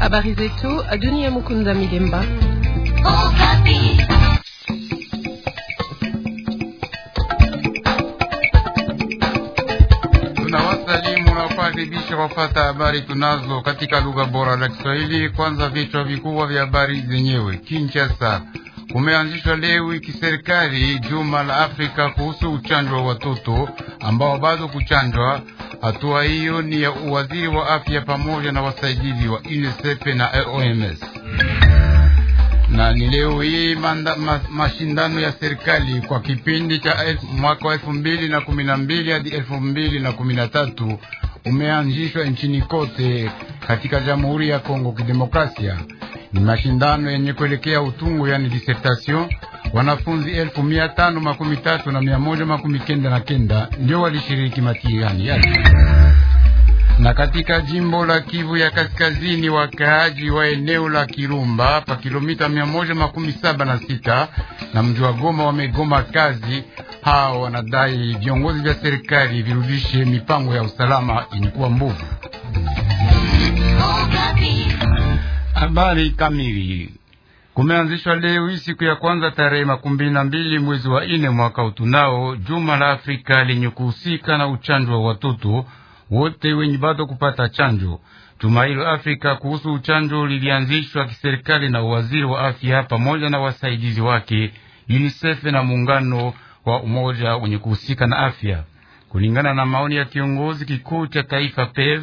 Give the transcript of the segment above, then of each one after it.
Habari zetu Adunia Mukunda Milemba. Tunawasalimu na kukaribisha habari tunazo katika lugha bora la Kiswahili. Kwanza vichwa vikubwa vya habari zenyewe. Kinshasa kumeanzishwa leo kiserikali juma la Afrika kuhusu uchanjo wa watoto ambao bado kuchanjwa Hatua hiyo ni ya uwaziri wa afya pamoja na wasaidizi wa UNICEF na OMS. Na ni leo hii ma, mashindano ya serikali kwa kipindi cha elf, mwaka wa elfu mbili na kumi na mbili hadi elfu mbili na kumi na tatu umeanzishwa nchini kote katika Jamhuri ya Kongo Kidemokrasia. Ni mashindano yenye kuelekea utungu, yani dissertation wanafunzi elfu mia tano makumi tatu na mia moja makumi kenda na kenda ndio walishiriki matiani yale. Na katika jimbo la Kivu ya Kaskazini, wakaaji wa eneo la Kirumba pa kilomita mia moja makumi saba na sita na mji wa Goma wamegoma kazi. Hao wanadai viongozi vya serikali virudishe mipango ya usalama ilikuwa mbovu. Habari kamili Kumeanzishwa leo hii siku ya kwanza tarehe makumi na mbili mwezi wa ine mwaka utunao juma la Afrika lenye kuhusika na uchanjo wa watoto wote wenye bado kupata chanjo. Juma hilo Afrika kuhusu uchanjo lilianzishwa kiserikali na uwaziri wa afya pamoja na wasaidizi wake UNICEF na muungano wa umoja wenye kuhusika na afya. Kulingana na maoni ya kiongozi kikuu cha taifa PEV,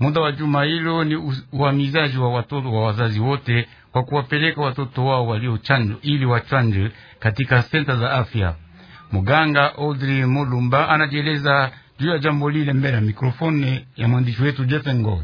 muda wa juma hilo ni uhamizaji wa watoto wa wazazi wote kwa kuwapeleka watoto wao waliochanjwa ili wachanjwe katika senta za afya. Muganga Audrey Mulumba anajieleza juu ya jambo lile mbele ya mikrofoni ya mwandishi wetu Jeff Ngoi.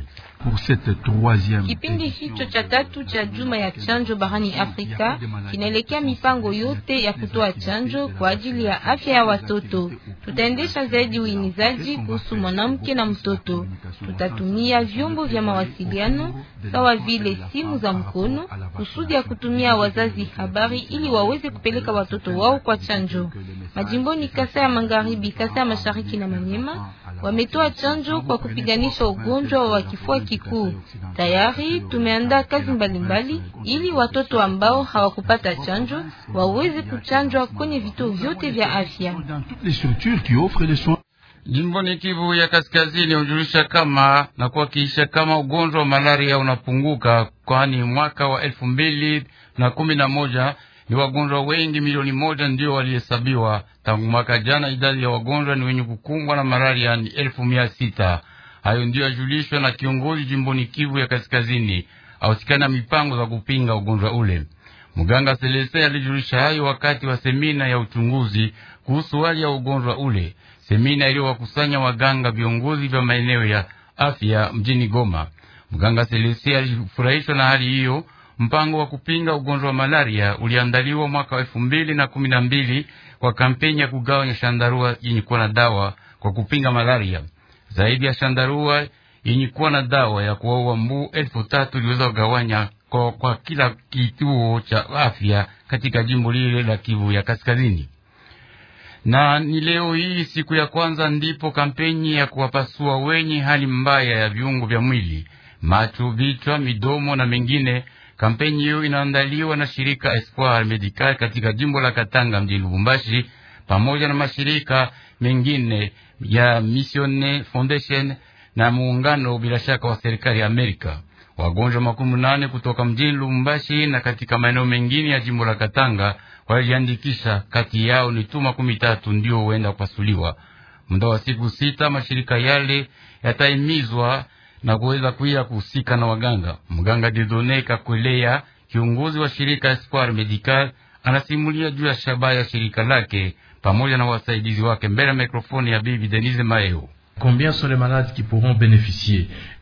Kipindi hicho cha tatu cha juma ya chanjo barani Afrika kinaelekea mipango yote ya kutoa chanjo kwa ajili ya afya ya watoto. Tutaendesha zaidi uimizaji kuhusu mwanamke na mtoto. Tutatumia vyombo vya mawasiliano sawa vile simu za mkono kusudi ya kutumia wazazi habari ili waweze kupeleka watoto wao kwa chanjo. Majimboni Kasa ya Magharibi, Kasa ya Mashariki na Manyema wametoa chanjo kwa kupiganisha ugonjwa wa kifua kikuu. Tayari tumeandaa kazi mbalimbali ili watoto ambao hawakupata chanjo waweze kuchanjwa kwenye vituo vyote vya afya. Jimboni Kivu ya Kaskazini hujulisha kama na kuhakikisha kama ugonjwa wa malaria unapunguka, kwani mwaka wa elfu mbili na kumi na moja ni wagonjwa wengi milioni moja ndiyo walihesabiwa tangu mwaka jana. Idadi ya wagonjwa ni wenye kukumbwa na malaria ni elfu mia sita. Hayo ndiyo yajulishwa na kiongozi jimboni Kivu ya Kaskazini ahusikana mipango za kupinga ugonjwa ule. Mganga Selese alijulisha hayo wakati wa semina ya uchunguzi kuhusu hali ya ugonjwa ule, semina iliyowakusanya waganga viongozi vya maeneo ya afya mjini Goma. Mganga Selese alifurahishwa na hali hiyo Mpango wa kupinga ugonjwa wa malaria uliandaliwa mwaka wa elfu mbili na kumi na mbili kwa kampeni ya kugawanya shandarua yenye kuwa na dawa kwa kupinga malaria. Zaidi ya shandarua yenye kuwa na dawa ya kuwaua mbu elfu tatu iliweza kugawanya kwa, kwa kila kituo cha afya katika jimbo lile la Kivu ya Kaskazini. Na ni leo hii siku ya kwanza ndipo kampeni ya kuwapasua wenye hali mbaya ya viungo vya mwili, macho, vichwa, midomo na mengine Kampeni hiyo inaandaliwa na shirika Espoir Medical katika jimbo la Katanga mjini Lubumbashi pamoja na mashirika mengine ya Mission Foundation na muungano bila shaka wa serikali ya Amerika. Wagonjwa makumi nane kutoka mjini Lubumbashi na katika maeneo mengine ya jimbo la Katanga walijiandikisha. Kati yao ni tu makumi tatu ndio huenda kupasuliwa. Muda wa siku sita mashirika yale yataimizwa na kuweza kuya kuhusika na waganga. Mganga Didone Kakwelea, kiongozi wa shirika Espoir Medical, anasimulia juu ya shabaha ya shirika lake pamoja na wasaidizi wake mbele ya mikrofoni ya Bibi Denise Maeo.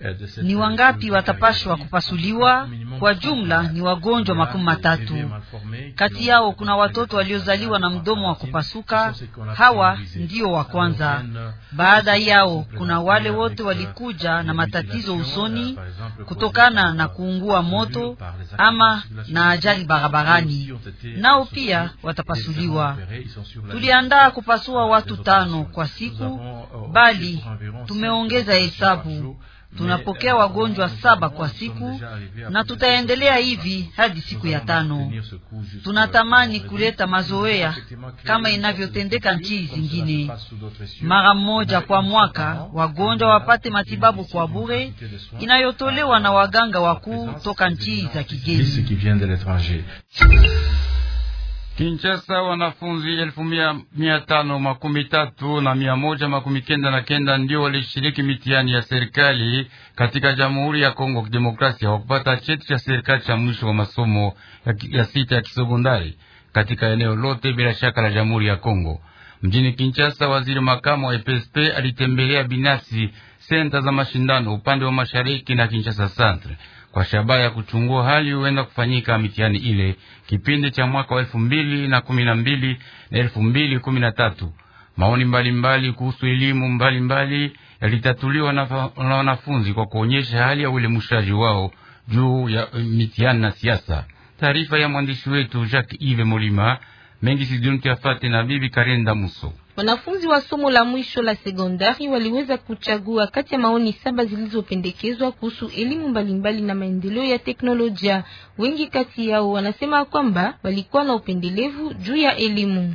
Euh, ni wangapi watapashwa kupasuliwa? Kwa jumla ni wagonjwa makumi matatu. Kati yao kuna watoto waliozaliwa na mdomo wa kupasuka, hawa ndio wa kwanza. Baada yao kuna wale wote euh, walikuja na matatizo usoni euh, kutokana na kuungua moto ama na ajali barabarani, nao pia watapasuliwa. Tuliandaa kupasua watu tano kwa siku, bali Tumeongeza hesabu, tunapokea euh, wagonjwa saba kwa siku na tutaendelea hivi hadi siku ya tano. Tunatamani kuleta mazoea kama inavyotendeka nchi zingine, mara mmoja kwa mwaka wagonjwa wapate matibabu kwa bure inayotolewa na waganga wakuu toka nchi za kigeni. Kinshasa wanafunzi elfu mia tano makumi tatu na mia moja makumi kenda na kenda ndio walishiriki mitihani ya serikali katika Jamhuri ya Kongo Kidemokrasia wakupata cheti cha serikali cha mwisho wa masomo ya, ya sita ya kisekondari katika eneo lote bila shaka la Jamhuri ya Kongo. Mjini Kinshasa, waziri makamu wa EPSP alitembelea binafsi senta za mashindano upande wa mashariki na Kinshasa Centre kwa shabaha ya kuchungua hali huenda kufanyika mitihani ile kipindi cha mwaka wa elfu mbili na kumi na mbili na elfu mbili kumi na tatu. Maoni mbalimbali kuhusu elimu mbalimbali yalitatuliwa na wanafunzi kwa kuonyesha hali ya uelemushaji wao juu ya eh, mitihani na siasa. Taarifa ya mwandishi wetu Jacques Ive Molima mengi sidunutuyafate na bibi Karenda Muso. Wanafunzi wa somo la mwisho la sekondari waliweza kuchagua kati ya maoni saba zilizopendekezwa kuhusu elimu mbalimbali na maendeleo ya teknolojia. Wengi kati yao wanasema kwamba walikuwa na upendelevu juu ya elimu.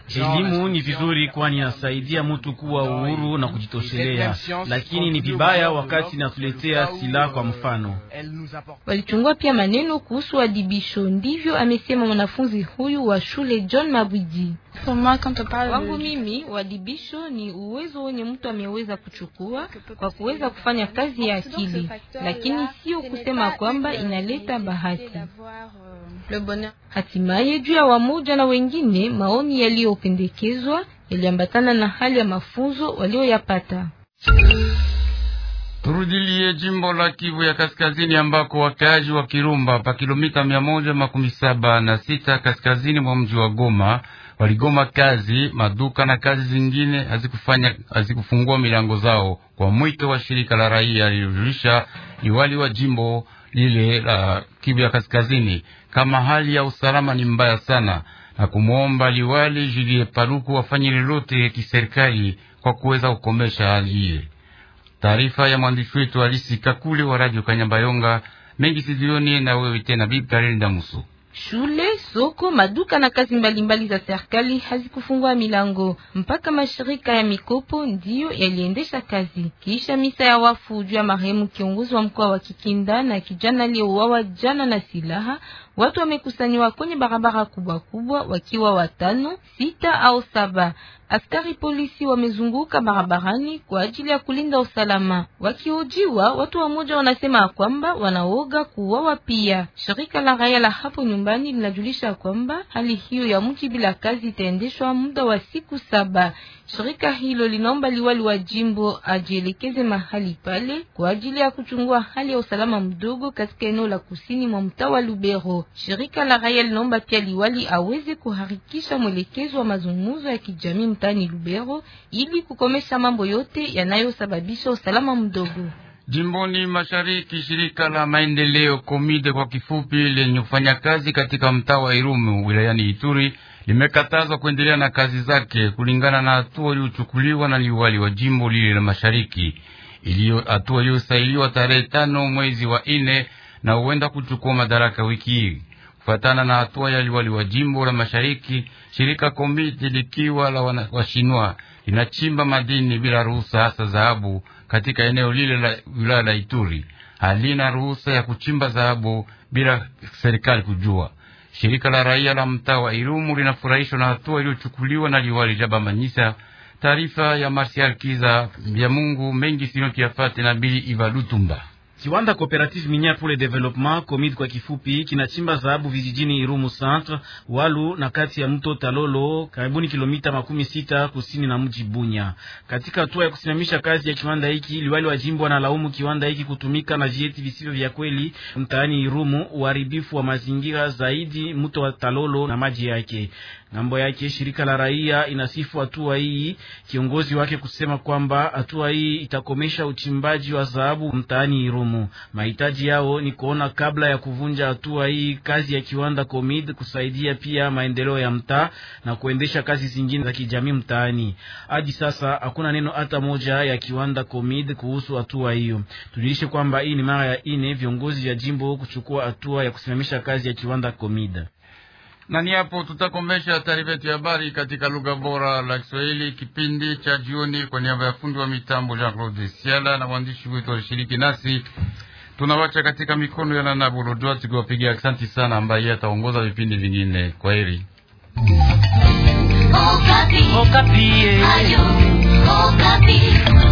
Elimu ni vizuri, kwani inasaidia mtu kuwa uhuru na kujitoshelea, lakini ni vibaya wakati inatuletea silaha. Kwa mfano, walichungua pia maneno kuhusu wadibisho. Ndivyo amesema mwanafunzi huyu wa shule John Mabuji. Wangu mimi, wadibisho ni uwezo wenye mtu ameweza kuchukua kwa kuweza kufanya kazi ya akili, lakini sio kusema kwamba inaleta bahati. Hatimaye juu ya wamoja na wengine, maoni yaliyopendekezwa yaliambatana na hali ya mafunzo walioyapata. Turudilie jimbo la Kivu ya Kaskazini ambako wakaaji wa Kirumba pa kilomita mia moja makumi saba na sita kaskazini mwa mji wa Goma waligoma kazi. Maduka na kazi zingine hazikufanya hazikufungua milango zao kwa mwito wa shirika la raia, alijulisha iwali wa jimbo lile la Kivu ya Kaskazini, kama hali ya usalama ni mbaya sana, na kumwomba liwali Julie Paluku wafanyi lolote kiserikali kwa kuweza kukomesha hali hii. Taarifa ya mwandishi wetu Alisi Kakule wa Radio Kanyambayonga mengi sizioni na wewe tena bibi Karinda Musu. Shule, soko, maduka na kazi mbalimbali za serikali hazikufungua milango mpaka mashirika ya mikopo ndiyo yaliendesha kazi. Kisha misa ya wafu juu ya marehemu kiongozi wa mkoa wa Kikinda na kijana aliyeuawa jana na silaha, watu wamekusanywa kwenye barabara kubwa kubwa wakiwa watano, sita au saba askari polisi wamezunguka barabarani kwa ajili ya kulinda usalama. Wakihojiwa, watu wamoja wanasema kwamba wanaoga kuuawa. Pia shirika la raia la hapo nyumbani linajulisha kwamba hali hiyo ya mji bila kazi itaendeshwa muda wa siku saba. Shirika hilo linaomba liwali wa jimbo ajielekeze mahali pale kwa ajili ya kuchungua hali ya usalama mdogo katika eneo la kusini mwa mtaa wa Lubero. Shirika la raia linaomba pia liwali aweze kuharikisha mwelekezo wa mazungumzo ya kijamii mtani Lubero ili kukomesha mambo yote yanayosababisha usalama mdogo. Jimboni Mashariki, shirika la maendeleo Komide kwa kifupi, lenye kufanya kazi katika mtaa wa Irumu wilayani Ituri limekatazwa kuendelea na kazi zake kulingana na hatua iliyochukuliwa na liwali wa jimbo lile la Mashariki, iliyo hatua iliyosailiwa tarehe tano mwezi wa nne na huenda kuchukua madaraka wiki hii kufuatana na hatua ya liwali wa jimbo la Mashariki. Shirika Komiti likiwa la washinwa linachimba madini bila ruhusa, hasa dhahabu katika eneo lile la wilaya la Ituri. Halina ruhusa ya kuchimba dhahabu bila serikali kujua. Shirika la raia la mtaa wa Irumu linafurahishwa na hatua iliyochukuliwa na liwali la Manyisa. Taarifa ya Marsial Kiza ya Mungu mengi sinotiyafate na Bili Ivalutumba. Kiwanda Cooperative Miniere pour le Development Komid kwa kifupi kinachimba dhahabu vijijini Irumu Centre, Walu na kati ya mto Talolo karibuni kilomita makumi sita kusini na mji Bunya. Katika hatua ya kusimamisha kazi ya kiwanda hiki, liwali wa jimbo analaumu kiwanda hiki kutumika na vieti visivyo vya kweli mtaani Irumu, uharibifu wa mazingira zaidi mto wa Talolo na maji yake. Ngambo yake shirika la raia inasifu hatua hii, kiongozi wake kusema kwamba hatua hii itakomesha uchimbaji wa dhahabu mtaani Irumu. Mahitaji yao ni kuona kabla ya kuvunja hatua hii kazi ya kiwanda Comid kusaidia pia maendeleo ya mtaa na kuendesha kazi zingine za kijamii mtaani. Hadi sasa hakuna neno hata moja ya kiwanda Comid kuhusu hatua hiyo. Tujulishe kwamba hii ni mara ya ine viongozi vya jimbo kuchukua hatua ya kusimamisha kazi ya kiwanda Comid. Na ni hapo tutakomesha taarifa yetu ya habari katika lugha bora la Kiswahili kipindi cha jioni. Kwa niaba ya fundi wa mitambo Jean Claude Siala na waandishi wetu walishiriki nasi, tunawacha katika mikono ya Nana Bulodoa tukiwapigia asanti sana, ambaye ataongoza vipindi vingine. Kwa heri. Okapi. Okapi. Eh. Ayo. Okapi.